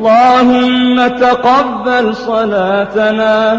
اللهم تقبل صلاتنا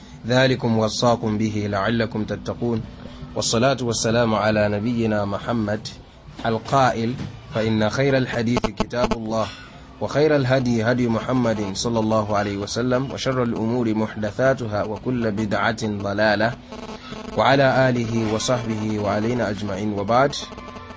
ذلكم وصاكم به لعلكم تتقون والصلاة والسلام على نبينا محمد القائل فإن خير الحديث كتاب الله وخير الهدي هدي محمد صلى الله عليه وسلم وشر الأمور محدثاتها وكل بدعة ضلالة وعلى آله وصحبه وعلينا أجمعين وبعد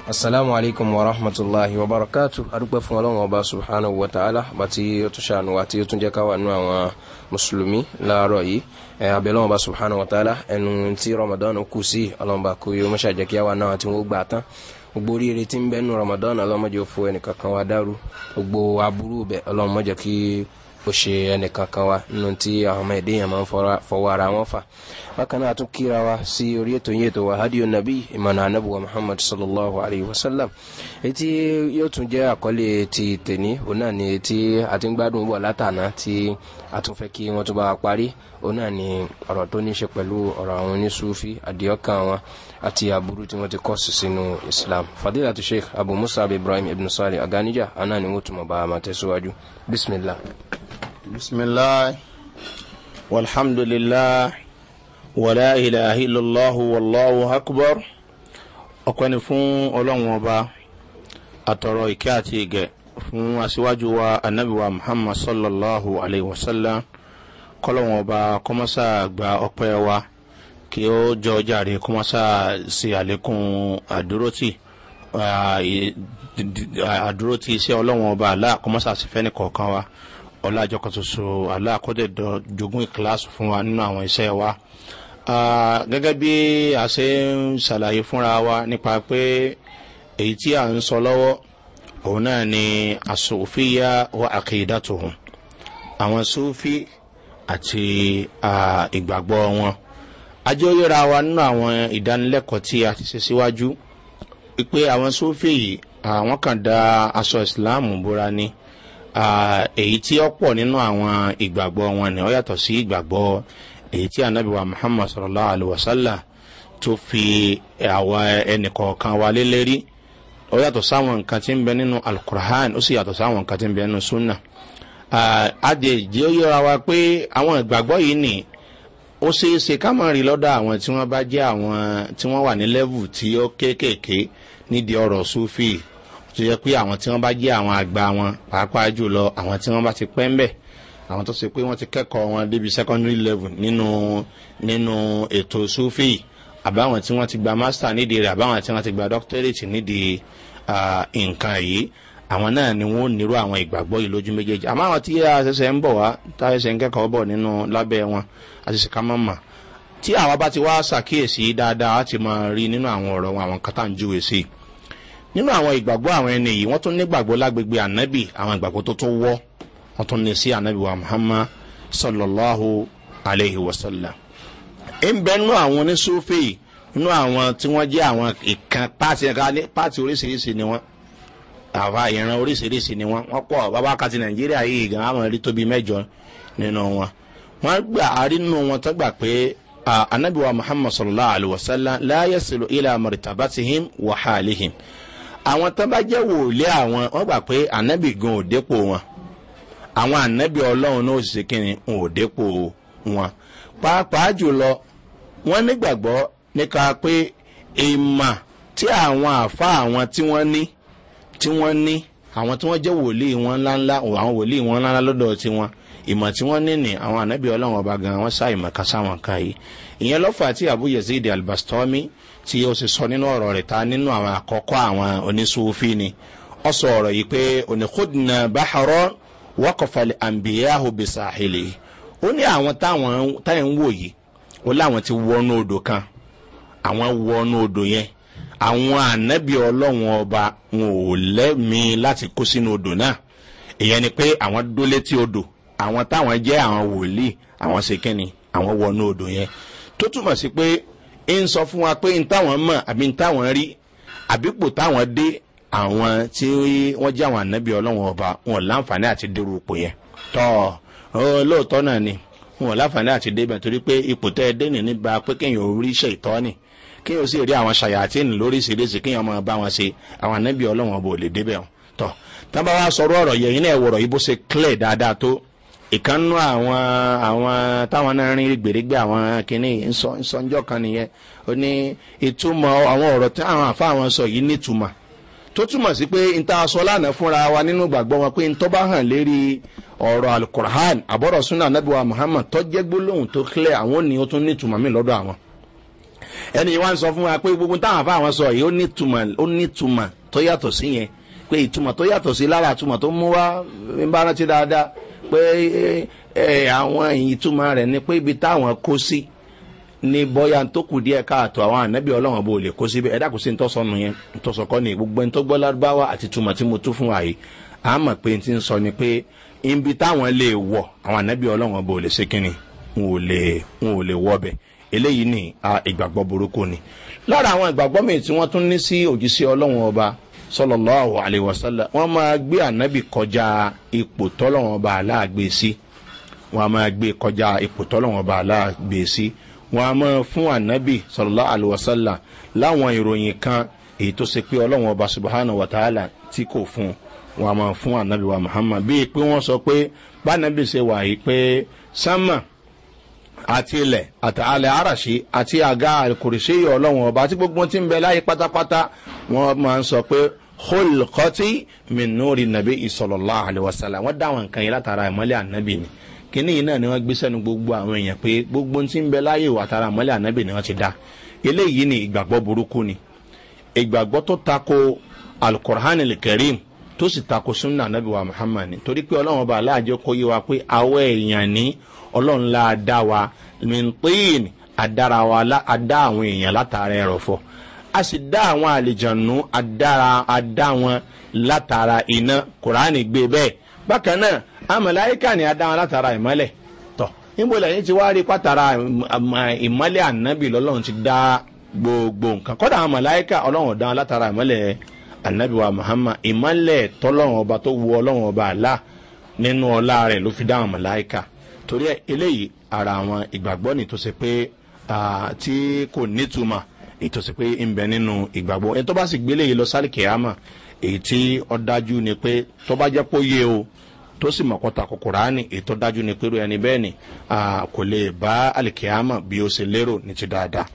السلام عليكم ورحمة الله وبركاته أدوك فمالون وبا سبحانه وتعالى باتي يتشان واتي يتنجكا وأنواع مسلمي لا رأي abẹ lọ́wọ́n bá subhanahu wa ta'ala ẹnu tí ramadan kù sí ọlọ́mọba kò yóò mọ́ṣá jẹ́ kí á wà náà tí wọ́n gbà tán gbogbo oríire tí ń bẹ́ ramadan ọlọ́mọdé ò fo ẹnìkankan wa dárú gbogbo aburú bẹ ọlọ́mọdé kí ó ṣe ẹnìkankan wa nínú tí àwọn ọmọ ẹ̀dẹ́yàn máa ń fọwọ́ ara wọn fà bákan náà tún kíra wa sí orí ètò yìí ètò wa hadiyo nabi imana anabu wa muhammad sallallahu alayhi wa sallam etí yóò tún jẹ́ àkọlé ti tèní òun náà ni etí àti gbádùn bọ̀ látànà tí a tún fẹ́ kí wọ́n tún bá parí òun náà ni ọ̀rọ̀ tó ní ṣe pẹ̀lú ọ̀rọ̀ àwọn oníṣúfí àdìọ́kàn wọn àti aburú tí wọ́n ti kọ́sù sínú islam fadila tu sheikh abu musa abu ibrahim ibn sali aganija aná ni wọ́n túmọ̀ bá a máa tẹ̀síwájú bisimilah. bisimilah walhamdulilah wàlá ilahi illallah wallahu akbar ọ̀pẹ́ ni fún ọlọ́run ọba àtọ̀rọ̀ ìkẹ́ àti ìgẹ̀ fún aṣíwájú wa anabiwa muhammad sallallahu alayhi wa sallam kọ́lọ́wọ́n ọba kọ́mọ́sà gba ọpẹ́ wa kí ó jọ ọjà rẹ̀ kọ́mọ́sà ṣe àlékún àdúrótì àdúrótì iṣẹ́ ọlọ́wọ́n ọba àlá kọ́mọ́sà sì fẹ́ nìkọ̀ọ̀kan wa ọlájọ kan ṣoṣo àlá àkọ́dẹ̀dọ̀ jogún ìkíláàsì fún wa nínú àwọn iṣẹ́ wa gẹ́gẹ́ bí a ṣe ń ṣàlàyé fúnra wa nípa pé èyí tí à ń sọ lọ́wọ́ òun náà ni àsòfíyà wa àkèédàtò àwọn sófì àti ìgbàgbọ́ wọn ajẹ́ oyera wa nínú àwọn ìdánilẹ́kọ̀ọ́ tí a ti ṣe síwájú pé àwọn sófì yìí àwọn kan da aṣọ ìsìláàmù bóra ni èyí tí ó pọ̀ nínú àwọn ìgbàgbọ́ wọn ni ó yàtọ̀ sí ìgbàgbọ́ èyí tí anabiwa muhammad sallallahu alaihi wa sallam tó fi àwa ẹnìkọ̀ọ̀kan wa lélẹ́rí ó yàtọ̀ sáwọn nǹkan tí ń bẹ nínú alukur'an ó sì yàtọ̀ sáwọn nǹkan tí ń bẹ nínú sunnah adèjì ó yọra wa pé àwọn ìgbàgbọ́ yìí nì ó ṣeé ṣe ká mọ̀ rí lọ́dọ̀ àwọn tí wọ́n bá jẹ́ àwọn tí wọ́n wà ní lẹ́vù tí ó kéékèèké nídìí ọ̀rọ̀ sufi tó yẹ pé àwọn tí wọ́n bá jẹ́ àwọn àgbà wọn pàápàá jùlọ àwọn tí wọ́n bá ti pẹ́ ń àwọn tó ṣe pé wọ́n ti kẹ́kọ̀ọ́ wọn débi secondary level nínú nínú ètò sufi àbáwọn tí wọ́n ti gba master nídìí rẹ̀ àbáwọn tí wọ́n ti gba doctorate nídìí nǹkan yìí àwọn náà ni wọn ò nírú àwọn ìgbàgbọ́ yìí lójú méjèèjì àmọ́ àwọn tí àṣẹṣẹ ń bọ̀ wá tá àṣẹṣẹ ń kẹ́kọ̀ọ́ bọ̀ nínú lábẹ́ wọn àṣẹṣẹ ká mọ̀ mà tí àwa bá ti wá ṣàkíyèsí dáadáa á ti máa rí nínú àwọn ọ̀rọ̀ wọn àwọn kátà ń júwe sí i nínú àwọn ìgbàgbọ́ àwọn ẹni yìí wọ́n tún nígbàgbọ́ lágbègbè ànábì àwọn ìgbàgbọ́ tó tún wọ́ wọ́n tún ní sí ànábì wa muhammad sallallahu alayhi wa sallam ń bẹ nínú àwọn oníṣòfè nínú àwọn tí wọ́n jẹ́ àwọn ìkan páàtì oríṣiríṣi ni wọ́n àwa ìran oríṣiríṣi ni wọn wọn pọ bàbá nàìjíríà yìí gan àwọn rí tóbi mẹjọ nínú wọn wọn gbà arínú wọn tó gbà pé anabiwa muhammad sallallahu alaihi wa sallam láyé sèlú ilà mọ̀rìtàbátìhìm wàhálìhìm àwọn tó bá jẹ́ wòlé àwọn wọn gbà pé anabi gan ò dépò wọn àwọn anabi ọlọ́run náà sì kíni ò dépò wọn pàápàá jùlọ wọn nígbàgbọ́ nípa pé tí àwọn àfa àwọn tí wọ́n ní. tí wọ́n ní àwọn tí wọ́n jẹ́ wòlíì wọn ńláńlá àwọn wòlíì wọn ńláńlá lọ́dọ̀ tiwọn ìmọ̀ tí wọ́n ní ní àwọn ànábì ọlọ́run ọba gan wọ́n sá ìmọ̀ kan sáwọn kan yìí ìyẹn lọ́fà tí abu yazid albastomi tí ó sì sọ nínú ọ̀rọ̀ rẹ̀ ta nínú àwọn àkọ́kọ́ àwọn oníṣòwòfí ni ọ sọ ọ̀rọ̀ yìí pé oníkùdìnà báhárọ́ wọ́kọ̀fàlẹ̀ àǹbíyáhù bisahili ó ní àwọn táwọn táyà ń wò yìí ó láwọn ti wọnú odò kan àwọn wọnú odò yẹn àwọn ànábì ọlọ́run ọba wọn ò lẹ́mìí láti kó sínú odò náà ìyẹn ni pé àwọn dó létí odò àwọn táwọn jẹ́ àwọn wòlíì àwọn ṣe kínni àwọn wọnú odò yẹn tó túmọ̀ sí pé ń sọ fún wa pé ń táwọn mọ̀ àbí ń táwọn rí àbípò táwọn dé àwọn tí wọ́n jẹ́ àwọn ànábì ọlọ́run ọba wọn láǹfààní àti dérú ipò yẹn tọ́ lóòótọ́ náà ni wọn láǹfààní àti débẹ̀ torí pé ipò tẹ́ ẹ dé nì nígbà pé kéèyàn ò rí kí o sì rí àwọn ṣàyàtìn lóríṣiríṣi kí wọn máa bá wọn ṣe àwọn anábì ọlọ́wọ́n bò lè débẹ̀ wọn. tọ́ tábà wá sọ̀rọ̀ ọ̀rọ̀ yẹn iná ẹ̀wọ̀rọ̀ yìí bó ṣe clear dáadáa tó ìkànnú àwọn àwọn táwọn náà rin gbèrègbè àwọn kìnnì nsọ̀njọ́ kan nìyẹn ó ní ìtumọ̀ àwọn ọ̀rọ̀ tí àwọn àfa àwọn sọ yìí nítumọ̀ tó túmọ̀ sí pé nta sọ lánàá fúnra wa nínú gbàgbọ́ wọn pé ntọ́ bá hàn lérí ọ̀rọ̀ alukur'an àbọ̀rọ̀ sunna anabiwa muhammad tọ́jẹ́ gbólóhùn tó clear àwọn ò ní o tún nítumọ̀ mi lọ́dọ̀ àwọn ẹni wá ń sọ fún wa pé gbogbo táwọn afá àwọn sọ yìí ó ní ìtumọ̀ ó ní ìtumọ̀ tó yàtọ̀ sí yẹn pé ìtumọ̀ tó yàtọ̀ sí lára ìtumọ̀ tó mú wá ń bá rántí dáadáa pé àwọn ìtumọ̀ rẹ̀ ni pé ibi táwọn kó sí ní bọ́yá tó kù díẹ̀ káàtó àwọn ànábì ọlọ́run bò lè kó síbẹ̀ ẹ̀dá kò sí ntọ́sọ́nù yẹn ntọ́sọ́kọ́ ni gbogbo ẹni tó gbọ́ lárúbáwá àti ìtumọ̀ tí mo tún fún wa yìí a mọ̀ pé n ti ń sọ ni pé ibi táwọn lè wọ̀ àwọn ànábì ọlọ́run bò lè ṣe kínni n ò lè wọ́ bẹ́ẹ̀ eléyìí ní ìgbàgbọ́ burúkú ni lára àwọn ìgbàgbọ́ mi tí wọ́n tún ní sí òjíṣẹ́ ọlọ́run ọba sọlọ́láhu àlewọ́sálà wọ́n máa gbé ànábì kọjá ipò tọ́lọ́run ọba aláàgbé sí wọ́n máa gbé kọjá ipò tọ́lọ́run ọba aláàgbé sí wọ́n máa fún ànábì sọlọ́láhu àlewọ́sálà láwọn ìròyìn kan èyí tó ṣe pé ọlọ́run ọba subahana wàtàhálà tí kò fún wọn máa fún ànábì wa muhammad bíi pé wọ́n sọ pé bá ànábì ṣe wà yìí pé sámà àti ilẹ̀ àtàlẹ̀ àràṣí àti àga àkùrìṣí ọlọ́run ọba tí gbogbo ti ń bẹ láyé pátápátá wọ́n máa ń sọ pé holkọ́tì mìnúrì nàbí ìsọ̀lọ́lá àlewàsálà wọ́n dá àwọn nǹkan yìí látara ìmọ́lẹ̀ ànábì ni kínní yìí náà ni wọ́n gbé sẹ́nu gbogbo àwọn èèyàn pé gbogbo ti ń bẹ láyé wàtara ìmọ́lẹ̀ ànábì ni wọ́n ti dá eléyìí ni ìgbàgbọ́ burúkú ni ìgbàgbọ́ tó tako alukur'an kẹrin tó sì tako sunna anabi wa muhammad ni torí pé ọlọ́run ọba aláàjọ kó yé wa pé awọ èèyàn ní ọlọ́run la dá wa mìntín àdára wa adá àwọn èèyàn látara ẹrọ̀fọ̀ a sì dá àwọn àlejànú adára adá wọn látara iná kùránì gbé bẹ́ẹ̀ bákan náà amọ̀láyíkà ni adá wọn látara ìmọ́lẹ̀ tọ̀ níbo lẹ́yìn tí wàá rí pátara ìmọ́lẹ̀ ànábì lọ́lọ́run ti dá gbogbo nǹkan kọ́dà amọ̀láyíkà ọlọ́run ọ̀dá wọn látara ìmọ́lẹ̀ anabiwa muhammad ìmọ̀lẹ̀ tọ́lọ́wọ́n ọba tó wu ọlọ́wọ́n ọba àlá nínú ọlá rẹ̀ ló fi dáhùn mọ̀láìkà torí eléyìí ara àwọn ìgbàgbọ́ ni tó ṣe pé tí kò nítumọ̀ èyí tó ṣe pé ń bẹ nínú ìgbàgbọ́ ẹni tó bá sì gbélé yìí lọ sálì kìámà èyí tí ọ dájú ni pé tó bá jẹ́ pé ó yé o tó sì mọ̀ kọ́ta kòkòránì èyí tó dájú ni pé ẹni bẹ́ẹ̀ ni kò lè bá àlìkìámà bí ó ṣe lérò ní ti dáadáa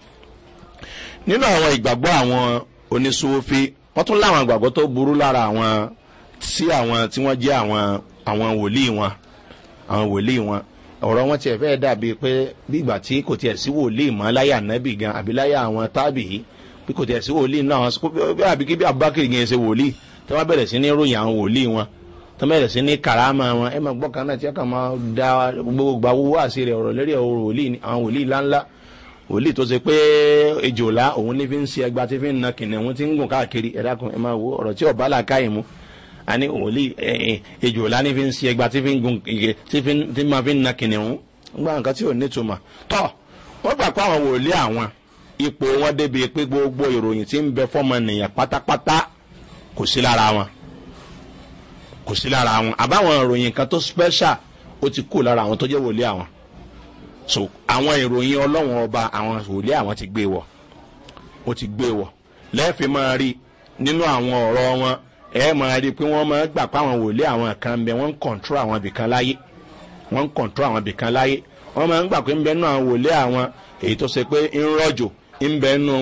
nínú àwọn ìgbàgbọ́ àwọn oníṣòwò fi wọ́n tún láwọn àgbàgbọ́ tó burú lára àwọn sí àwọn tí wọ́n jẹ́ àwọn àwọn wòlíì wọn àwọn wòlíì wọn ọ̀rọ̀ wọn tiẹ̀ fẹ́ẹ́ dàbí pé bí ìgbà tí kò tiẹ̀ sí wòlíì mọ́ láyà nẹ́bì gan àbí láyà àwọn tábì bí kò tiẹ̀ sí wòlíì náà àbí kí bí abubakar gan ṣe wòlíì tí wọ́n bẹ̀rẹ̀ sí ní ròyìn àwọn wòlíì wọn tó bẹ̀rẹ̀ sí ní karama wọn ẹ máa gbọ́ kan náà tí ẹ kàn máa da gbogbo gbà wúwá ọ̀rọ̀ lórí àwọn wòlíì wòlíì tó ṣe pé ìjòlá òun lè fi ń ṣe ẹgbàá tí fi ń na kìnìún òun ti ń gùn káàkiri ẹ̀dá kan ẹ máa wo ọ̀rọ̀ tí ọ̀bá là káyìí mu a ní wòlíì ìjòlá ní fi ń ṣe ẹgbàá tí fi ń gùn tí máa fi ń na kìnìún òun gbà nǹkan tí ò ní tuma tọ́ wọ́n gbà pé àwọn wòlíì àwọn ipò wọn débi pé gbogbo ìròyìn tí ń bẹ fọ́mọ nìyẹn pátápátá kò sí lára wọn kò sí lára wọn àbáwọn ìròyìn special ó ti kú lára àwọn so àwọn ìròyìn ọlọ́wọ́n ọba àwọn òòlẹ́ àwọn ti gbé wọ̀ ó ti gbé wọ̀ lẹ́ẹ̀fì máa rí nínú àwọn ọ̀rọ̀ wọn ẹ máa rí pé wọ́n máa gbà pé àwọn òòlẹ́ àwọn kan bẹ wọ́n ń kọ̀ǹtró àwọn ibìkan láyé wọ́n ń kọ̀ǹtró àwọn ibìkan láyé wọ́n máa ń gbà pé ń bẹ nínú àwọn òòlẹ́ àwọn èyí tó ṣe pé ń rọ̀jò ń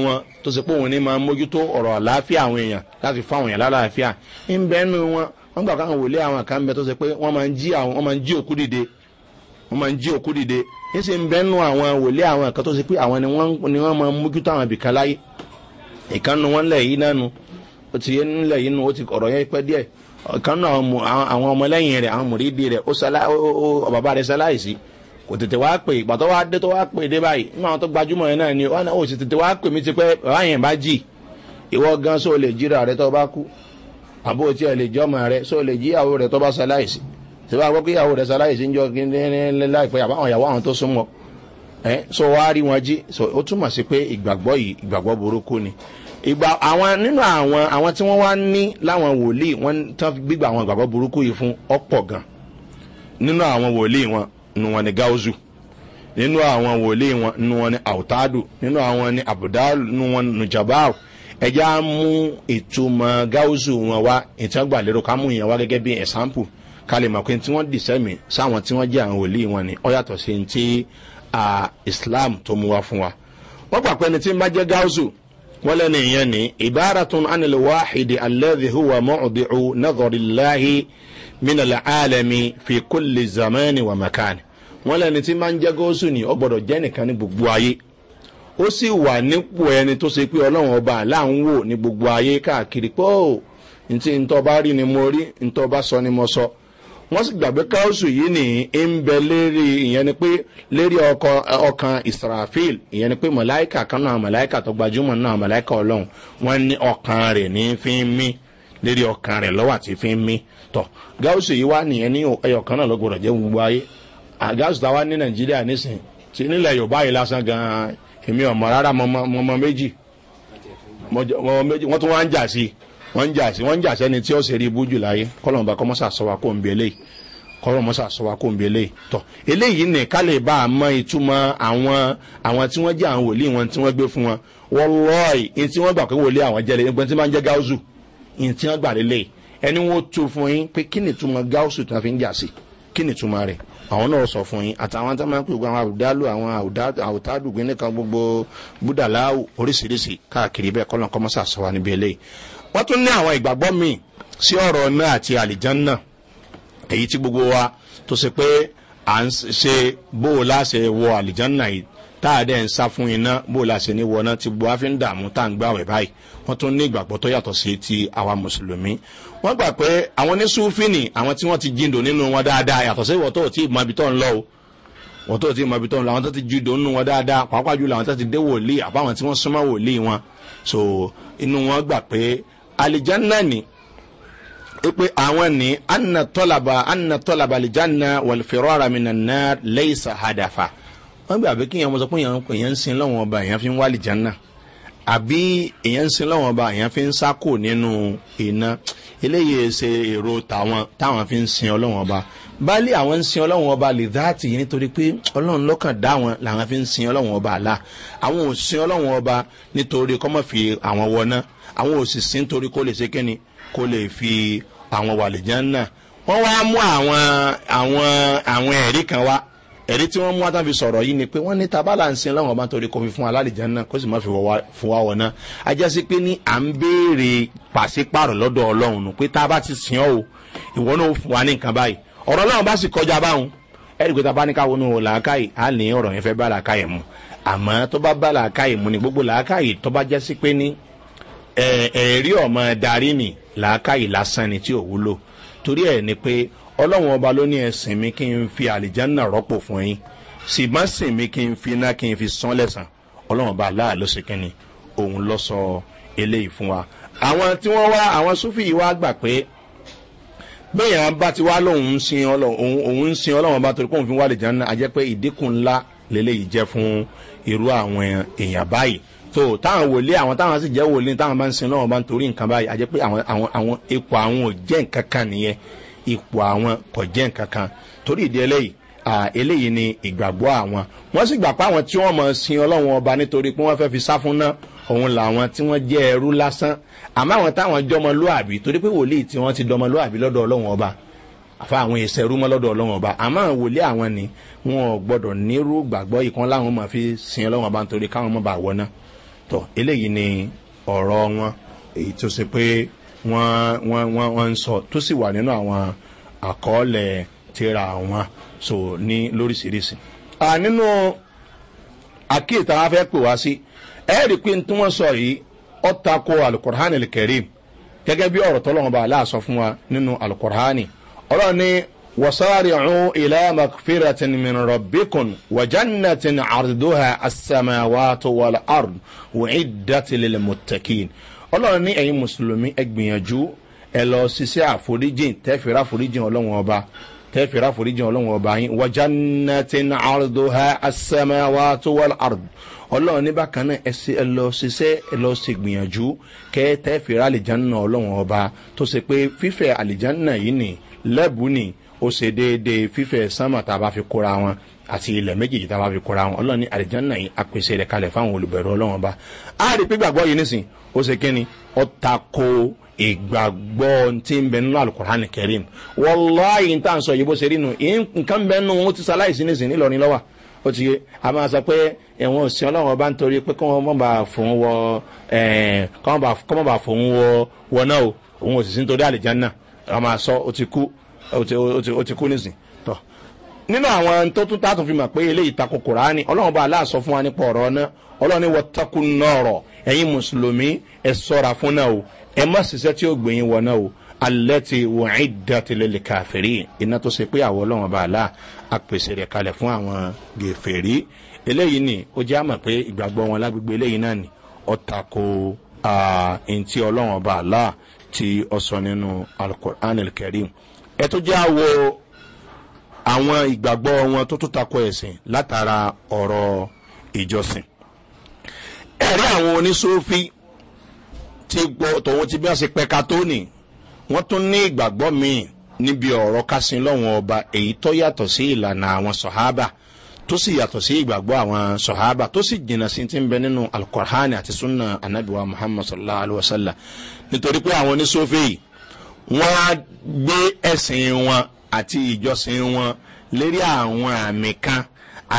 wọn tó ṣe pé òun ní máa mójútó ọ̀rọ̀ àwọn èèyàn láti fún àwọn èèyàn lálàáfíà ń bẹ wọn wọ́n gbà pé àwọn àwọn kan bẹ tó ṣe pé wọ́n máa ń jí ń ṣe ń bẹ́nu àwọn wòlé àwọn ẹ̀ka tó ṣe pé àwọn ni wọ́n máa mójútó àwọn ibìkan láyé ìkànnù wọn lẹ̀ yìí nánu ó ti yé nílẹ̀ yìí nu ó ti ọ̀rọ̀ yẹn pẹ́ díẹ̀ ìkànnù àwọn ọmọlẹ́yìn rẹ̀ àwọn mùrídì rẹ̀ ó bàbá rẹ̀ sáláìsì kò tètè wá pè ìgbà tó wá dé tó wá pè dé báyìí nígbà tó gbajúmọ̀ yẹn náà ni ó sì tètè wá pè mí ti pẹ́ bàbá yẹn bá jì ìwọ gan so lè jíra rẹ tó bá ṣe bá gbọ́ pé ìyàwó rẹ̀ sọ aláìsí ń jọ láìpẹ́ àbáwọn ìyàwó àwọn tó súnmọ́ ẹ so wá rí wọn jí so ó túmọ̀ sí pé ìgbàgbọ́ yìí ìgbàgbọ́ burúkú ni ìgbà àwọn nínú àwọn àwọn tí wọ́n wá ní láwọn wòlíì wọ́n tán gbígbà àwọn ìgbàgbọ́ burúkú yìí fún ọ̀pọ̀ gan nínú àwọn wòlíì wọn nu wọn ni gáúzù nínú àwọn wòlíì wọn nu wọn ni àwùtádù nínú àwọn ni àbùdálù nu wọn nu jabaru ẹjẹ́ mú ìtumọ̀ gáúzù wọn wá ìtàn gbàlérò ká mú ìyẹn wá gẹ́gẹ́ bí ẹ̀sáǹpù kalẹ̀ mọ̀ pé tí wọ́n dì sẹ́mi sáwọn tí wọ́n jẹ́ àwọn wòlíì wọn ni ọ yàtọ̀ sí ti islam tó mú wá fún wa. wọ́n gbà pé ẹni tí ń bá jẹ́ gáúsù wọ́n lẹ́nu ìyẹn ni ìbáratun anilẹ̀ wáhìdì alẹ́dì huwa mọ́ọ̀dìcú nàgọ́rì láhi mínàlẹ̀ àlẹ́mi fi kúlì zamani wà mẹ́kánì. wọ́n lẹ́ni tí máa ń jẹ́ gáúsù ni ó gbọ́dọ̀ jẹ́ nìkan ní gbogbo ayé ó sì wà nípò ẹni tó ṣe pé ọlọ́run ọba àlá wò ní gbogbo ayé káàkiri pé ntí ntọ́ bá rí ni mo rí ntọ́ bá sọ ni mo sọ. So wọ́n sì gbàgbé káwùsù yìí ní ń bẹ lérí ìyẹn ni pé lérí ọkàn israfil ìyẹn ni pé mọ̀láìkà kan náà mọ̀láìkà tó gbajúmọ̀ náà mọ̀láìkà ọlọ́run wọ́n ní ọkàn rẹ̀ ní fi ń mí lérí ọkàn rẹ̀ lọ́wọ́ àti fi ń mí tọ̀ gáwùsù yìí wá nìyẹn ní ẹyọ kan náà ló gbọdọ̀ jẹ́ gbogbo ayé gáwùsù táwa ní nàìjíríà nísìn tí nílẹ̀ yorùbá yìí lásán gan-an èmi ọ̀mọ̀ rárá méjì wọ́n tún wá ń jà sí i wọ́n ń jà sí wọ́n ń jà sẹ́ni tí ó ṣe rí bújù láyé kọ́lọ́mùbá kọ́ mọ́sà sọ wa kó ń bi eléyìí kọ́lọ́ mọ́sà sọ wa kó ń bi eléyìí tọ́ eléyìí ní ká lè bá a mọ ìtumọ̀ àwọn àwọn tí wọ́n jẹ́ àwọn wòlíì wọn tí wọ́n gbé fún wọn wọ́n lọ́ọ̀ì ní tí wọ́n gbà pé wòlíì àwọn jẹ́ lẹ́yìn pẹ́ntì máa ń jẹ́ gáúsù ní tí wọ́n gbà lélẹ̀ ẹni wọ́n tu fún yín pé kí ni ìtumọ̀ gáúsù tí wọ́n fi ń jà sí kí ni ìtumọ̀ rẹ̀ àwọn náà sọ fún yín àtàwọn tó máa ń pè gbogbo àwùdálù àwọn àwùtádùgbé nìkan gbogbo búdàláwù oríṣiríṣi káàkiri bẹ́ẹ̀ kọ́lọ́n wọ́n tún ní àwọn ìgbàgbọ́ míì sí ọ̀rọ̀ náà àti àlìján náà èyí tí gbogbo wa tó ṣe pé à ń ṣe bó o láṣẹ wọ àlìján náà yìí tá a dẹ̀ ń sá fún iná bó o láṣẹ ní wọ náà ti bu àfi ń dààmú tá à ń gbàwẹ̀ báyìí wọ́n tún ní ìgbàgbọ́ tó yàtọ̀ sí ti àwa mùsùlùmí wọ́n gbà pé àwọn ní sùfìnì àwọn tí wọ́n ti jíndò nínú wọn dáadáa yàtọ̀ sí ìwọ tó o mọ ibi tó ń lọ o wọn tó ti mọ ibi tó ń lọ àwọn tó ti ju ìdò nínú wọn dáadáa pàápàá jùlọ àwọn tó ti dé wòlíì àbáwọn tí wọn súnmọ wòlíì wọn so inú wọn gbà pé àlìjánná ni pé àwọn ní anna tọ́laba anna tọ́laba àlìjánná wàlúfẹ̀rọ̀ ara mi nàná lẹ́yìn sàhádàfà wọ́n gbà pé kí èèyàn mọ̀ sọ pé èèyàn ń sin lọ́wọ́n ọba èèyàn fi ń wá àlìjánná àbí èèyàn ń sin lọ́wọ́n ọba èèyàn fi ń sákò nínú iná eléyìí ṣe èrò tàwọn táwọn fi ń sin ọlọ́wọ́n ọba baálé àwọn ń sin ọlọ́run ọba lè dáàtì yìí nítorí pé ọlọ́run lọ́kàn dá wọn làwọn fi ń sin ọlọ́run ọba àlá àwọn ò sin ọlọ́run ọba nítorí kọ́mọ̀ fi àwọn wọná àwọn ò sì sin nítorí kó lè ṣe kíni kó lè fi àwọn wàlẹ̀ jẹ́ náà wọ́n wá mú àwọn àwọn àwọn ẹ̀rí kan wá ẹ̀rí tí wọ́n mú wá fi sọ̀rọ̀ yìí ni pé wọ́n ní tabala ń sin ọlọ́run ọba nítorí kó fi fún alálìjẹ́ náà kó sì má fi fún wa wọná ajásí pé ní à ń béèrè pàṣípàrọ̀ lọ́dọ̀ ọlọ́run nù pé tá a bá ti sin ọ́ o ìwọ náà fún ní nǹkan báyìí ọ̀rọ̀ náà bá sì kọjá báwọn ẹ̀rí pé tàbá ní ká wọnú làákàyè á ní ọ̀rọ̀ yẹn fẹ́ bá làákàyè mu àmọ́ tó bá bá làákàyè mu ni gbogbo làákàyè tó bá jẹ́ sí pé ní ẹ̀ẹ́rí ọ̀mọ darí ni làákàyè lásán ni tí ò wúlò torí ẹ̀ ni pé ọlọ́run ọba ló ní ẹ̀sìn mi kí n fi àlìjánná rọ́pò fún yín ṣùgbọ́n sìn mi kí n fi iná kí n fi sán lẹ́sàn ọlọ́run ọba aláà ló ṣe kínni òun lọ eléyìí fún wa àwọn tí wọ́n wá àwọn súfì yìí wá gbà pé bẹ́ẹ̀ bá ti wá lóun ń sin ọlọ́run òun ń sin ọlọ́run bá torí kóun fi wá lè jẹun náà àjẹpẹ́ ìdínkù ńlá lélẹ́yìí jẹ́ fún irú àwọn èèyàn báyìí tó táwọn wòlé àwọn táwọn sì jẹ́ wòlé táwọn bá ń sin ọlọ́run bá ń torí nǹkan báyìí àjẹpẹ́ àwọn àwọn àwọn ipò àwọn ò jẹ́ nǹkan kan nìyẹn ipò àwọn kò jẹ́ nǹkan kan torí ìdí eléyìí eléyìí ni ìgbàgbọ́ àwọn wọ́n sì gbà pé àwọn tí wọ́n mọ̀ sin ọlọ́run ọba nítorí pé wọ́n fẹ́ fi sá fún náà òun làwọn tí wọ́n jẹ́ ẹrú lásán àmọ́ àwọn táwọn jọmọ lóàbí torí pé wòlíì tí wọ́n ti dọmọ lóàbí lọ́dọ̀ ọlọ́wọ́n ọba àfa àwọn èsè ẹrú mọ́ lọ́dọ̀ ọlọ́wọ́n ọba àmọ́ wòlíì àwọn ni wọn ò gbọ́dọ̀ nírú gbàgbọ́ ìkan láwọn máa fi sin ọlọ́wọ́n ọba nítorí káwọn mọ̀ bá wọ ná tọ́ eléyìí ni ọ̀rọ̀ wọn èyí tó ṣe pé wọ́n wọ́n wọ́n wọ́n ń sọ tó sì wà nínú àwọn àkọọ́lẹ̀ tera wọn so ní lóríṣiríṣi. à nínú àkíyèsí àwọn afẹ́ pè wá sí ẹ rí i pé tí wọ́n sọ yìí ọ ta ko alukur'ani kẹrim gẹ́gẹ́ bí ọ̀rọ̀ tọ́lọ́wọ́n bá aláàsọ fún wa nínú alukur'ani ọlọ́run ní wasaari cun ilaa makfiratin min rabbikun wajannatin carduha asamawaatu wal ard wacidati lilmuttakin ní ẹ̀yin e mùsùlùmí ẹ gbìyànjú ẹ lọ ṣiṣẹ́ àforíjìn tẹ́fìrà àforíjìn ọlọ́run ọba tẹ́fìrà àforíjìn ọlọ́run ọba yín wajannatin carduha asamawaatu wal ọlọ́run ní bákan náà ẹ ṣe ẹ lọ ṣiṣẹ́ ẹ lọ ṣe gbìyànjú kẹ ẹ tẹ́ fìrà àlìjánná ọlọ́run ọba tó ṣe pé fífẹ́ àlìjánná yìí nì lẹ́bùn nì ó ṣe déédéé fífẹ́ sánmà tá a bá fi kóra wọn àti ilẹ̀ méjèèjì tá a bá fi kóra wọn ọlọ́run ní àlìjánná yìí apèsè rẹ̀ kalẹ̀ fáwọn olùbẹ̀rù ọlọ́run ọba á rí pígbàgbọ́ yìí nísìn ó ṣe kíni ìgbàgbọ́ tí ń bẹ nínú alukur'an kẹrin wọ́n ń tà sọ yìí bó ṣe rí nu nǹkan bẹ́ẹ̀ nù wọ́n ti ṣaláìsí nísìn nílọrin lọ́wọ́ ó ti a máa sọ pé ẹ̀wọ̀n òsìn ọlọ́run ọba ń torí pé kọ́ mọ̀ bá fòun wọ kọ́ mọ̀ bá fòun wọ wọ náà o òun òsìn nítorí àlìjánná a máa sọ ó ti kú ó ti kú nísìn tọ́ nínú àwọn tó tún tààtún fi mọ̀ pé eléyìí takò kùránì ọlọ́run bá aláàsọ fún wa nípa ọ̀rọ̀ náà ọlọ́run ni wọ́n takùn náà rọ̀ ẹ̀yin mùsùlùmí ẹ̀ sọ̀ra fún náà o ẹ̀ má ṣiṣẹ́ tí ó gbìyìn wọ̀ náà o alẹ́tì wọ̀nyídàtìlẹ́lẹ̀ káfẹ́rì iná tó ṣe pé àwọn ọlọ́wọ́n bá a la apèsè rẹ̀ kalẹ̀ fún àwọn gèfèrí eléyìí ni ó jẹ́ àmọ̀ pé ìgbàgbọ́ wọn lágbègbè eléyìí náà ni ọ̀tà kò ntí ọlọ́wọ́n bá a la ti ọ̀sọ̀ nínú alukur'an kẹrin ẹ tó jẹ́ àwọ àwọn ìgbàgbọ́ wọn tó tó takọ ẹ̀sìn látara ọ̀rọ̀ ìjọsìn ẹ̀rí àwọn oníṣòfin ti gbọ́ tòun ti bí wọ́n ṣe pẹ́ka tó nìí wọ́n tún ní ìgbàgbọ́ míì níbi ọ̀rọ̀ kásin lọ́wọ́n ọba èyí tó yàtọ̀ sí ìlànà àwọn sọ̀hábà tó sì yàtọ̀ sí ìgbàgbọ́ àwọn sọ̀hábà tó sì jìnnà sí ti ń bẹ nínú alukur'ani àti sunna anabiwa muhammad sallallahu alayhi wa sallam nítorí pé àwọn oníṣòfè yìí wọ́n á gbé ẹ̀sìn wọn àti ìjọsìn wọn lérí àwọn àmì kan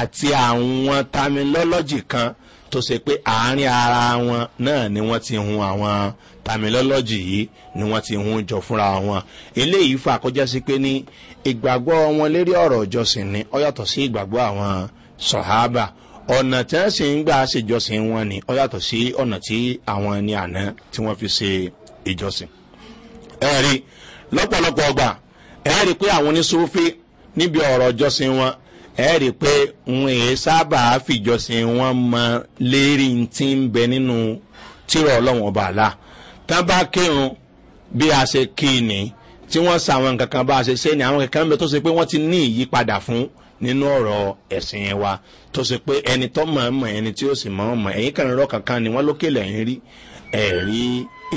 àti àwọn tamilọ́lọ́jì kan tó ṣe pé àárín ara wọn náà ni wọ́n ti hun àwọn tàmílọ́lọ́jì yìí ni wọ́n ti hun jọ fúnra wọn eléyìí fà kọjá sí pé ní ìgbàgbọ́ wọn lérí ọ̀rọ̀ ìjọsìn ni ọ yàtọ̀ sí ìgbàgbọ́ àwọn sọ̀hábà ọ̀nà tí wọ́n sì ń gbà ṣèjọsìn wọn ni ọ yàtọ̀ sí ọ̀nà tí àwọn ní àná tí wọ́n fi ṣe ìjọsìn. ẹ rí lọ́pọ̀lọpọ̀ ọgbà ẹ rí pé àwọn oníṣòfé níbi ọ̀rọ̀ ìjọsìn wọn ẹ rí pé wọn èé sábà fìjọsìn wọn mọ lérí ti ń bẹ nínú tírọ̀ ọlọ́wọ̀n ọba àlá tán bá kírun bí a ṣe kí ni tí wọ́n sa àwọn nǹkan kan bá a ṣe ṣe ni àwọn kankan bẹ tó ṣe pé wọ́n ti ní ìyípadà fún nínú ọ̀rọ̀ ẹ̀sìn yẹn wa tó ṣe pé ẹni tó mọ̀ ẹ́ mọ̀ ẹni tí ó sì mọ̀ ọ́ mọ̀ ẹ̀yìn kan rọ kankan ni wọ́n lókè lẹ́yìn rí ẹ̀rí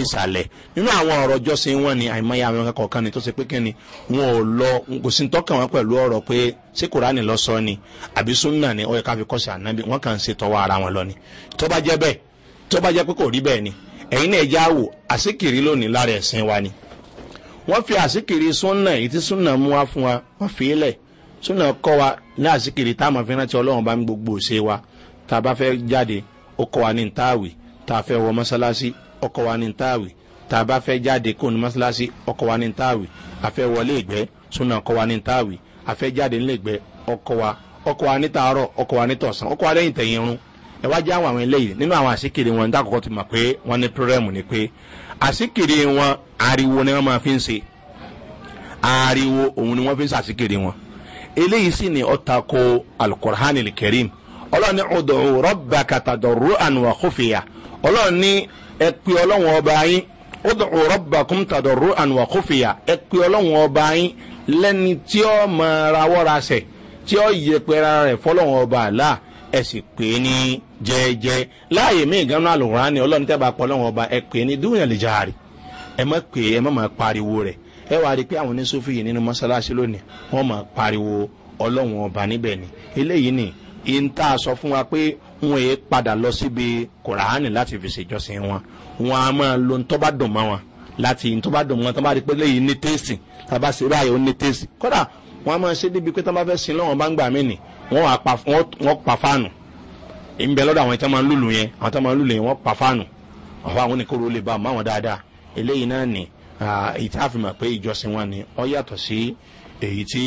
ìsàlẹ̀ nínú àwọn ọ̀rọ̀ jọ́sìn wọn ni àìmọye àwọn kankan kan ni tó ṣe pé kí ni wọn ò lọ kò sí tọ́kàn wọn pẹ̀lú ọ̀rọ̀ pé ṣé kùránì lọ sọ ni àbí súnà ni ó yẹ ànábì wọn kàn ń ṣe tọwọ́ ara wọn lọ ni tó bá jẹ́ bẹ́ẹ̀ tó bá jẹ́ pé kò rí bẹ́ẹ̀ ni ẹ̀yin náà já wò àsìkiri lónìí lára ẹ̀sìn wa ni wọ́n fi àsìkiri súnà èyí súnà mú wa fún wa wọ́n fi í lẹ̀ súnà kọ́ wa ní àsìkiri tá a máa fi rántí ọlọ́run bá ń gbogbo ṣe wa tá a bá fẹ́ jáde ó kọ́ wa ní ntaawi tá a fẹ́ wọ mọ́sálásí ó kọ́ wa ní ntaawi tá a bá fẹ́ jáde kó ní mọ́sálásí ó kọ́ wa ní ntaawi a fẹ́ wọlé ìgbẹ́ súnà kọ́ wa ní ntaawi a fẹ́ jáde nílẹ̀ ìgbẹ́ ọkọ̀ wa ọkọ̀ wa ní tàárọ̀ ọkọ̀ wa ní tọ̀sán ọkọ̀ wa lẹ́yìn tẹ̀yìn irun ẹ wá já àwọn eléyìí nínú àwọn àṣíkiri wọn dákọ̀kọ́ ti mọ̀ pé wọ́n ní pírẹ́mù ni pé àṣíkiri wọn ariwo ni wọ́n máa fi ń se ariwo òun ni wọ́n fi ń sàṣíkiri wọn eléyìí sì ni ọ̀tà ko alukur'anil kerim ọlọ́run ní ọ̀dọ̀ rọ́bà kàtàdọ̀rú ànúwà kófìyà ọlọ́run ní ẹ pé ọba yín ọ̀dọ̀ rọ́bà kùmtàdọ̀rú ànúwà kófìyà ẹ pé ọba yín lẹ́ni tí ó máa rawọ́ra sẹ̀ tí ó yẹpẹ̀ra rẹ̀ fọlọ́run ọba àlá ẹ sì pè ní jẹ́ẹ́jẹ́ láàyè mí ìgànnú àlùkùránì ọlọ́run tẹ́ bá pọ̀ lọ́wọ́ ọba ẹ pè é ní dúnyàn lè jaari ẹ mọ̀ pé ẹ mọ̀ máa pariwo rẹ̀ ẹ wàá rí i pé àwọn oníṣòfin yìí nínú mọ́ṣáláṣí lónìí wọ́n máa pariwo ọlọ́run ọba níbẹ̀ ni eléyìí ni n tá a sọ fún wa pé wọn èé padà lọ síbi kòránì láti fi ṣèjọsìn wọn wọn a máa lo ń tọ́ba dùn mọ́ wọn láti ń tọ́ba dùn mọ́ wọn tó bá rí i pé léyìí ní tẹ́sì tàbá ṣe báyìí ó ní tẹ́sì kódà wọn a máa ṣe débi pé tó bá fẹ́ sin lọ́wọ́n bá ń gbà mí nì wọ́n pa fáànù èmi bẹ lọ́dọ̀ àwọn ìtàn máa ń lùlù yẹn àwọn ìtàn máa ń lùlù yẹn wọ́n pa fáànù ọ̀fọ̀ àwọn oníkóró lè bá àwọn dáadáa eléyìí náà ni ìtàfimọ̀ pé ìjọsìn wọn ni ọ yàtọ̀ sí èyí tí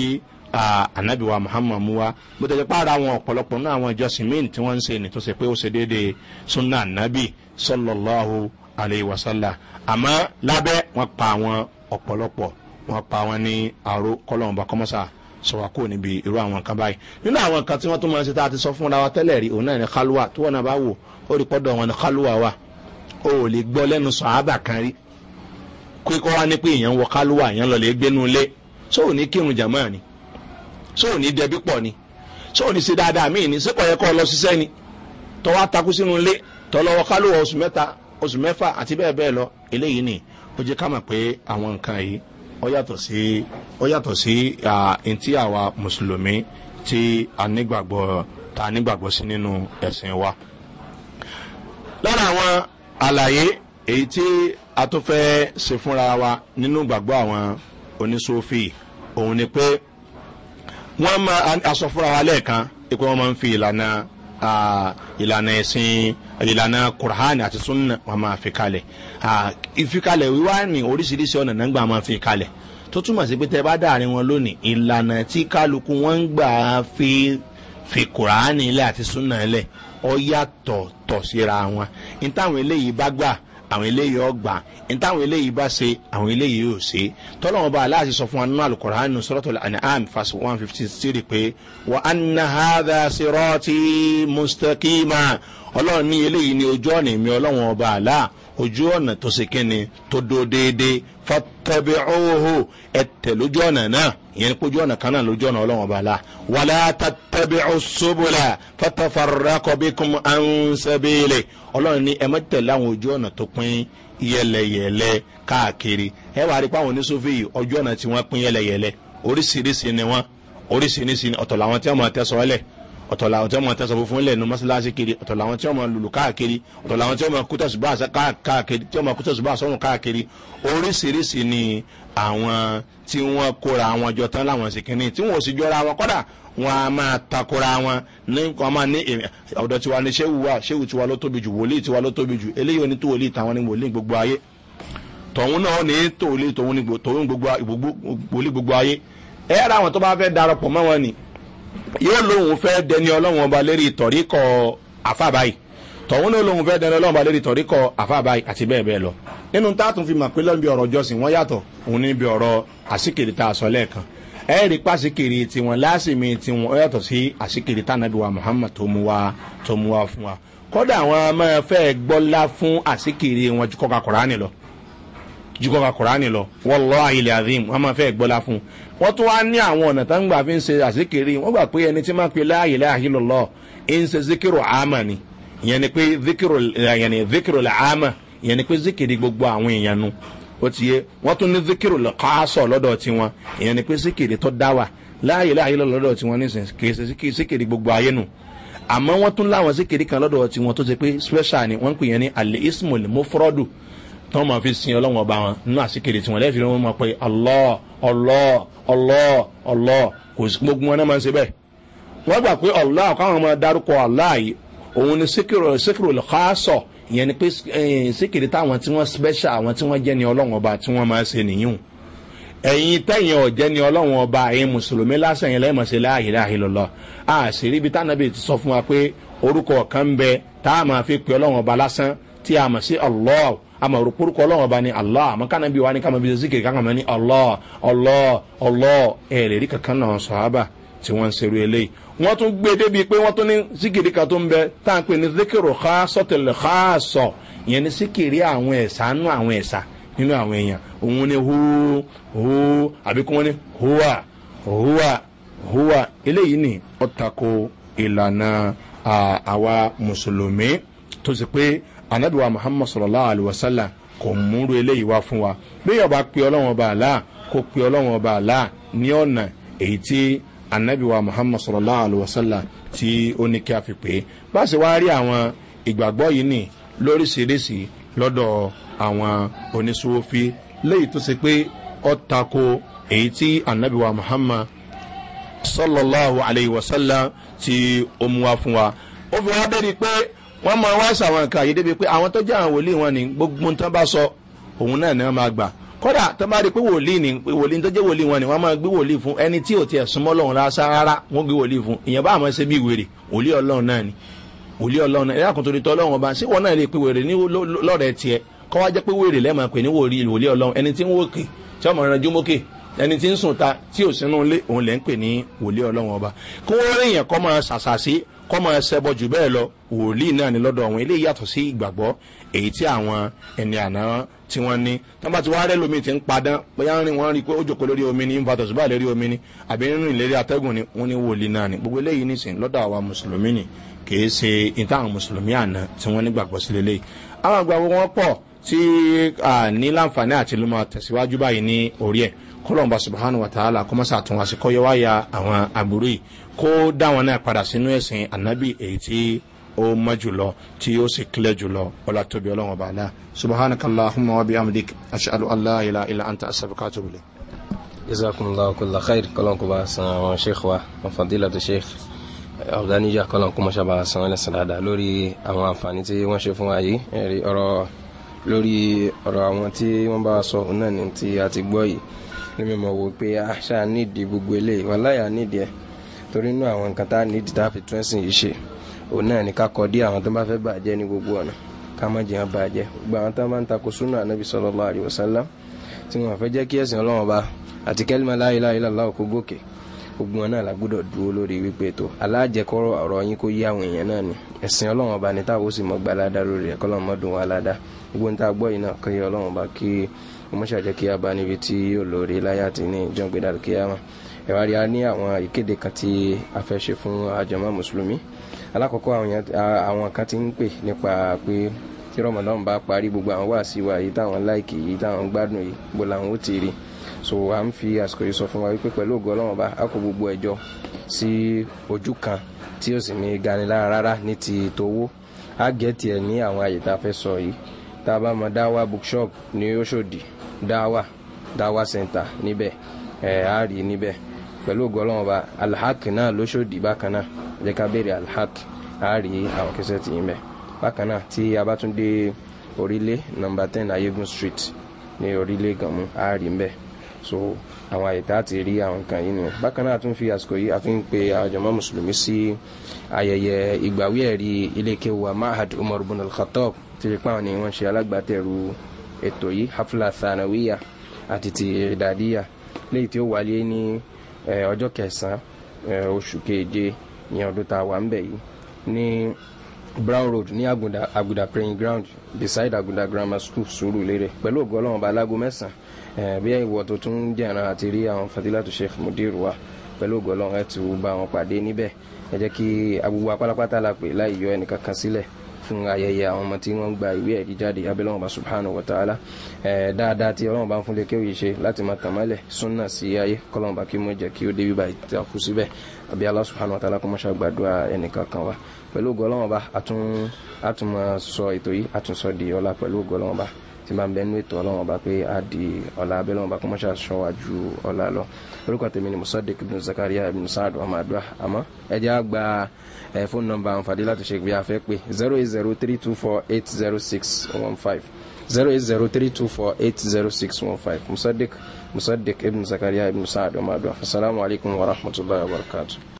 anabiwa muhammad muwa bó tẹ̀lé pààrọ̀ àwọn ọ̀pọ̀lọpọ̀ náà àwọn ìjọsìn míì tí wọ́n ń ṣe ni tó ṣe pé ó ṣe déédéé sunna anabi sallallahu alayhi wa sallam àmọ́ lábẹ́ wọn pa àwọn ọ̀pọ̀lọpọ̀ wọn pa wọn ní àrò kọ́lọ́mùbá kọ́mọ́sà sọ̀wá kúrò níbi irú àwọn nǹkan báyìí nínú àwọn nǹkan tí wọ́n tún máa ń ṣe tá a ti sọ fúnra wa tẹ́lẹ̀ rí òun náà ní kálúwà tí wọ́n náà bá wò ó rí pọ́dọ̀ wọn ní kálúwà wà ó ò lè gbọ́ lẹ́nu sọ àbà kan rí pé kọ́ ní pé èèyàn wọ kálúwà èèyàn lọ lè gbénu ilé só ò ní kírun jàmọ́ ni só ò ní dẹbí pọ̀ ni só ò ní ṣe dáadáa míì ni sẹ́kọ̀ọ́ yẹ kọ́ lọ ṣiṣẹ́ ni tọ́wọ́ takú sínú ilé tọ́lọ́wọ́ kálúwà oṣù mẹ́ta oṣù mẹ́fà àti bẹ́ẹ̀ bẹ́ẹ̀ lọ eléyìí ni ó jẹ́ ká mọ̀ pé àwọn nǹkan yìí ọ yàtọ̀ sí ọ yàtọ̀ sí ntí àwa mùsùlùmí tí a nígbàgbọ́ tá a nígbàgbọ́ sí nínú ẹ̀sìn wa. lára àwọn àlàyé èyí tí a tó fẹ́ ṣe fúnra wa nínú ìgbàgbọ́ àwọn oníṣòfì òun ni pé wọ́n máa aṣọ fúnra wa lẹ́ẹ̀kan pé wọ́n máa ń fi ìlànà ìlànà ẹ̀sìn ìlànà kùránì àti súnà wọn máa fi kalẹ̀ ìfikalẹ̀ wíwá ní oríṣiríṣi ọ̀nà náà gbà máa fi kalẹ̀ tó túmọ̀ sí pé tẹ bá dàrin wọn lónìí ìlànà tí kálukú wọn gbà fi fi kùránì ilẹ̀ àti súnà ilẹ̀ ọ yàtọ̀ tọ̀ síra wọn ní táwọn eléyìí bá gbà àwọn eléyìí ọgbà níta àwọn eléyìí bá ṣe àwọn eléyìí yóò ṣe tọ́lọ́wọ́n bá aláàṣì sọ fún wa nínú àlùkòrò àánú sọ́rọ́tò anam fas one fifty three pé wà á nà ha dà sí rọ́ọ̀tì mustakima ọlọ́run ní eléyìí ni ojú ọ̀nà ìmí ọlọ́wọ́n ọba aláà ojú ọ̀nà tó ṣe kíni tó do déédéé fatabi ọ̀hó ẹ tẹ̀ lójú ọ̀nà náà ìyẹn ní kójú ọ̀nà kan náà lójú ọ̀nà ọlọ́wọ́n bá la wàlá tatabi ọ̀ṣọ́bùlà fatafarakọ̀bíkùn ansẹ́bílẹ̀ ọlọ́run ní ẹ má tẹ̀lé àwọn ojú ọ̀nà tó pín yẹlẹyẹlẹ káàkiri ẹ wàá rí i pé àwọn oníṣòfì yìí ojú ọ̀nà tí wọ́n pín yẹlẹyẹlẹ oríṣiríṣi ni wọ́n oríṣiríṣi ọ̀tọ̀ làwọn tí wọ́n máa tẹ́ sọ́ọ́lẹ̀ ọ̀tọ̀ làwọn tí wọ́n máa tẹ́sán fún ilẹ̀ nu mọ́ṣáláṣí kiri ọ̀tọ̀ làwọn tí wọ́n máa lùlù káàkiri ọ̀tọ̀ làwọn tí wọ́n máa kútọ̀ ṣùgbọ́n àṣà káàkiri tí wọ́n máa kútọ̀ ṣùgbọ́n àṣà wọn káàkiri oríṣiríṣi ni àwọn tí wọ́n kóra àwọn jọ tán láwọn sì kínní tí wọ́n sì jọra wọn kọ́dà wọn a máa takora wọn ní wọn máa ní ọ̀dọ̀ tiwa ni ṣéwù wa ṣéwù tiwa ló tóbi jù wòlíì tiwa ló tóbi jù eléyìí oní tó wòlíì ni wòlíì gbogbo ayé tọ̀hún náà ní tòwòlíì tòhún gbogbo yóò lóun fẹ́ dẹni ọlọ́run ọba lérí tọ̀ríkọ àfàbáyì tọ̀hún ló lóun fẹ́ dẹni ọlọ́run ọba lérí tọ̀ríkọ àfàbáyì àti bẹ́ẹ̀ bẹ́ẹ̀ lọ. nínú tá a tún fi mà pé lọ́nbi ọ̀rọ̀ jọ́sìn wọ́n yàtọ̀ òun níbi ọ̀rọ̀ àsìkiri tá a sọ lẹ́ẹ̀kan ẹ rí pàṣíkiri tiwọn lásìmí tiwọn ó yàtọ̀ sí àsìkiri tánàbí wa muhammad tó mu wa tó mu wa fún wa kódà àwọn máa fẹ́ gbọ́lá fún àsìkiri wọn ju kọ́ka kùránì lọ ju kọ́ka kùránì lọ wọ́n lọ́ àyè wọ́n tún wá ní àwọn ọ̀nà tá ń gbà fi ń ṣe àzíkiri wọ́n gbà pé ẹni tí máa pe láàyè láàyè lọ́lọ́ ń ṣe zikiru àmà ni ìyẹn ni pé zikiru ìyẹn ni zikiru àmà ìyẹn ni pé zikiri gbogbo àwọn èèyàn nu ó ti yé wọ́n tún ní zikiru lọ́kọ́sọ̀ lọ́dọ̀ tiwọn ìyẹn ni pé zikiri tó dá wà láàyè láàyè lọ́dọ̀ tiwọn ní zikiri gbogbo ayé nu àmọ́ wọ́n tún láwọn zikiri kan lọ́dọ̀ tiwọn tó ti pé special ni wọ́n ń pè yẹn ní alẹ́ ismail mufrodu tí wọ́n máa fi sin ọlọ́run ọba wọn nínú àsìkèrè tí wọ́n lẹ́ẹ̀fi wọn máa pe ọlọ́ ọlọ́ ọlọ́ ọlọ́ kò sí gbogbo wọn náà máa ń ṣe bẹ́ẹ̀. wọ́n gbà pé ọlọ́ àkọ́wọn máa darúkọ aláì òun ni síkìrò lọ́kàásọ̀ ìyẹn ni pé síkìrì táwọn tí wọ́n special àwọn tí wọ́n jẹ́ ni ọlọ́run ọba tí wọ́n máa ṣe nìyíhùn. ẹ̀yin tẹ̀yìn ọ̀jẹ́ ni ọlọ́run ọba ẹ̀yin mùsùlùmí lásán yẹn lẹ́yìn mọ̀ṣẹ́ láàyè láàyè lọ́lọ́ àṣírí ibi tánàbì ti sọ fún wa pé orúkọ kan bẹ tá a máa fi pe ọlọ́run ọba lásán tí a mọ̀ sí ọlọ́ọ̀ àmọ̀ òrùkúrúkọ ọlọ́wọ́n bá ni allah àmọ́ kánà bí wà ní kánà bí zikiri kánà mọ́ ní allah allah allah ẹ̀ẹ́dẹ̀rí kankan náà sọ̀hábà tí wọ́n seru serú eléyìí wọ́n tún gbé débi pé wọ́n tún ní síkìrì kan tó ń bẹ tá à ń pè ní síkìrì xaasọ tẹlẹ xaasọ ìyẹn ní síkìrì àwọn ẹ̀sà nú àwọn ẹ̀sà nínú àwọn èèyàn òun ni hóó hóó àbí kí wọ́n ní hóà hóà hóà eléyìí ni ó ìlànà àwa mùsùlùmí tó sì pé anabiwa muhammad sallallahu alayhi wa sallam kò múru eléyìí wá fún wa bí yọba pe ọlọ́wọ́n ọba àlá kó pe ọlọ́wọ́n ọba àlá ní ọ̀nà èyí tí anabiwa muhammad sallallahu alayhi wa sallam tí ó ní kí a fi pè é bá a sì wá rí àwọn ìgbàgbọ́ yìí nì lóríṣiríṣi lọ́dọ̀ àwọn oníṣòwòfí léyìí tó ṣe pé ọ tako èyí tí anabiwa muhammad sallallahu alayhi wa sallam tí ó mú wa fún wa ó fi wá bẹ́ẹ̀ ni pé wọ́n máa wá sàwọn nǹkan àyè débi pé àwọn tó jẹ́ àwọn wòlíì wọn ni gbogbo tán bá sọ òun náà ni wọ́n máa gbà kódà tó bá rí pé wòlíì ni wòlíì tó jẹ́ wòlíì wọn ni wọ́n máa gbé wòlíì fún ẹni tí ò tiẹ̀ súnmọ́ lọ́hùn lásà rárá wọ́n gbé wòlíì fún ìyẹn bá àmọ́ ṣe bí wèrè wòlíì ọlọ́run náà ni wòlíì ọlọ́run náà ẹ̀rọ àkùntòrí tọ́ ọlọ́run ọba ṣé wọn náà lè pe wèrè ní lọ́rẹ̀ẹ́ tiẹ̀ kọ́ wá jẹ́ pé wèrè lẹ́ẹ̀ma pè ní wòlíì wòlíì ọlọ́run ẹni tí ń wòkè sùn ta tí ò sínú ilé òun lẹ́ ń pè ní wòlíì ọlọ́run ọba kí wọ́n rí yẹn kọ́ máa ṣàṣàṣe kọ́ máa ṣẹbọ jù bẹ́ẹ̀ lọ wòlíì náà ni lọ́dọ̀ wọn eléyìí yàtọ̀ sí ìgbàgbọ́ èyí tí àwọn ẹni àná tí wọ́n ní nígbà tí wàá rẹ́ lómi ti ń padán bóyá wọ́n rí i pé ó jòkó lórí omi ní invatus báyìí lórí omi ní àbí nínú ìlérí atẹ́gùn ni wọ́n ní wòlíì náà ni gbogbo eléyìí nìsín lọ́dọ̀ àwa mùsùlùmí ni kìí ṣe ìtàn mùsùlùmí àná tí wọ́n nígbàgbọ́ sí lélẹ́yìí tí a ní láǹfààní àti ló máa tẹ̀síwájú báyìí ní orí ẹ̀ kọ́lọ́mbà subhanahu wa ta'ala kọ́mọ́sà tún wá sí kọ́yọ́wáyà àwọn àbúrò yìí kó dáwọn náà padà sínú ẹ̀sìn ànábì èyí tí ó mọ́ jùlọ tí ó sì kílẹ̀ jùlọ ọlá tóbi ọlọ́run ọba náà subhanakallahumma wa bihamdik ashhadu an la ilaha illa anta astaghfiruka wa atubu ilayk jazakumullahu kulla khair kọlọ́n kó bá san àwọn sheikh wa wọn fàdílà tó sheikh abdaniya kọlọ́n kó mọ́ṣá bá san ẹlẹ́sìn dáadáa lórí àwọn àǹfààní tí wọ́n ṣe fún wa yìí lórí ọ̀rọ̀ àwọn tí wọ́n bá sọ náà ní ti àti gbọ́ yìí ní mímọ̀ wò pé àṣà ah, nídìí gbogbo eléyìí wàláyà nídìí ẹ̀ torí inú àwọn nǹkan tá a ní ìdìtà fi tún ẹ̀sìn yìí ṣe òun náà ni ká kọ dí àwọn tó bá fẹ́ bàjẹ́ ní gbogbo ọ̀nà ká má jẹ́ bàjẹ́ gbogbo àwọn tó bá ń takò súnà anábì sallallahu alaihi wasallam tí wọ́n fẹ́ jẹ́ kí ẹ̀sìn ọlọ́run bá àti kẹ́límà la ilaha illallah kó gòkè gbogbo wọn náà la gbọ́dọ̀ dúró lórí wípé tó alájẹkọ́rọ̀ ọ̀rọ̀ yín kó yí àwọn èèyàn náà ni ẹ̀sìn ọlọ́run ọba ni táwọn ó sì mọ́ gbalada lórí ẹ̀kọ́ lọ́mọ dùn wá ládàá gbogbo ní tá a gbọ́ yìí náà kí ọlọ́run ọba kí ọmọṣàjẹ́ kí a bá níbi tí yóò lórí láyà tí ní ìjọ́ngbẹ́dàlù kíyàmá ìwádìí a ní àwọn ìkéde kan tí a fẹ́ ṣe fún àjọmọ́ mùsùlùmí alákọ̀ọ́kọ́ àwọn kan ti ń pè nípa pé tí rọmọdán bá parí gbogbo àwọn wáàsí wa yìí táwọn láìkì yìí táwọn gbádùn yìí bó làwọn ó ti rí so à ń fi àsìkò yìí sọ fún wa wípé pẹ̀lú ògo ọlọ́run bá a kó gbogbo ẹ̀jọ́ sí ojú kan tí ó sì ní ganilára rárá ní ti towó a gẹ̀ẹ́tì ẹ̀ ní àwọn àyè tá a fẹ́ sọ yìí tá a bá mọ dáwà bookshop ní oṣòdì dawa dáwà center níbẹ̀ ẹ̀ á rí níbẹ̀ pẹ̀lú ògùn ọlọ́run ọba alhaq náà lóṣòdì bákan náà jẹ́ ká béèrè alhaq á rí àwọn kẹsẹ̀ tì í mẹ́ bákan náà tí a bá tún dé orílẹ̀ nọmba ten ayégun street ní orílẹ̀ gànmú á rí so àwọn àyètá àti rí àwọn nǹkan yìí nìyẹn bákan náà tún fi àsìkò yìí àfi ń pe àjọmọ́ mùsùlùmí sí ayẹyẹ ìgbàwí ẹ̀rí ilékewà mahad umar bin al-khattab ti rí páwọn ni wọ́n ṣe alágbàtẹ̀rù ètò yìí hafla sanawiya àti ti ìdàdíyà léyìí tí ó wáyé ní Eh, ọjọ́ kẹsàn-án eh, oṣù keje ní ọdún tá a wà ń bẹ̀ yìí ní brown road ní àgùdà àgùdà praying ground beside àgùdà grammar school sùúrù lérè pẹ̀lú ògo ọlọ́run bá alágo mẹ́sàn-án eh, bí ìwọ tó tún jẹ̀ràn àti rí àwọn fatilatu sheikh mudir wa pẹ̀lú ògo ọlọ́run ẹ̀ tù bá wọn pàdé níbẹ̀ ẹ jẹ́ kí agbègbè apálápátá la pè láì yọ ẹnìkankan sílẹ̀ fún ayẹyẹ àwọn ọmọ tí wọ́n gba ìwé ẹ̀rí jáde abẹ́lẹ́wọ̀n bá subhanahu wa ta'ala dáadáa tí ọlọ́run bá ń fúnlé kéwì ṣe láti máa tàmálẹ̀ súnà sí ayé kọ́lọ́run bá kí mú jẹ́ kí ó débi bá ìtakú síbẹ̀ àbí Allah subhanahu wa ta'ala kó mọ́ṣá gbàdúrà ẹnìkankan wa pẹ̀lú ògo ọlọ́run bá àtún àtún máa sọ ètò yìí àtún sọ di ọlá pẹ̀lú ògo ọlọ́run bá tí n bá ń bẹ nínú ètò ọlọ́run ọba pé a di ọ̀la abẹ́lẹ́ ọba kó mọ́ṣá sọ wá ju ọ̀la lọ orúkọ tèmi ni musadik ibn zakaria ibn saadu amadua àmọ́ ẹ jẹ́ àgbà ẹ̀ fóònù nọmba àǹfààní láti ṣe ìgbéyàwó fẹ́ zero eight zero three two four eight zero six one five zero eight zero three two four eight zero six one five musadik musadik ibn zakaria ibn saadu amadua asalaamualeykum wa rahmatulahi wa barakatu.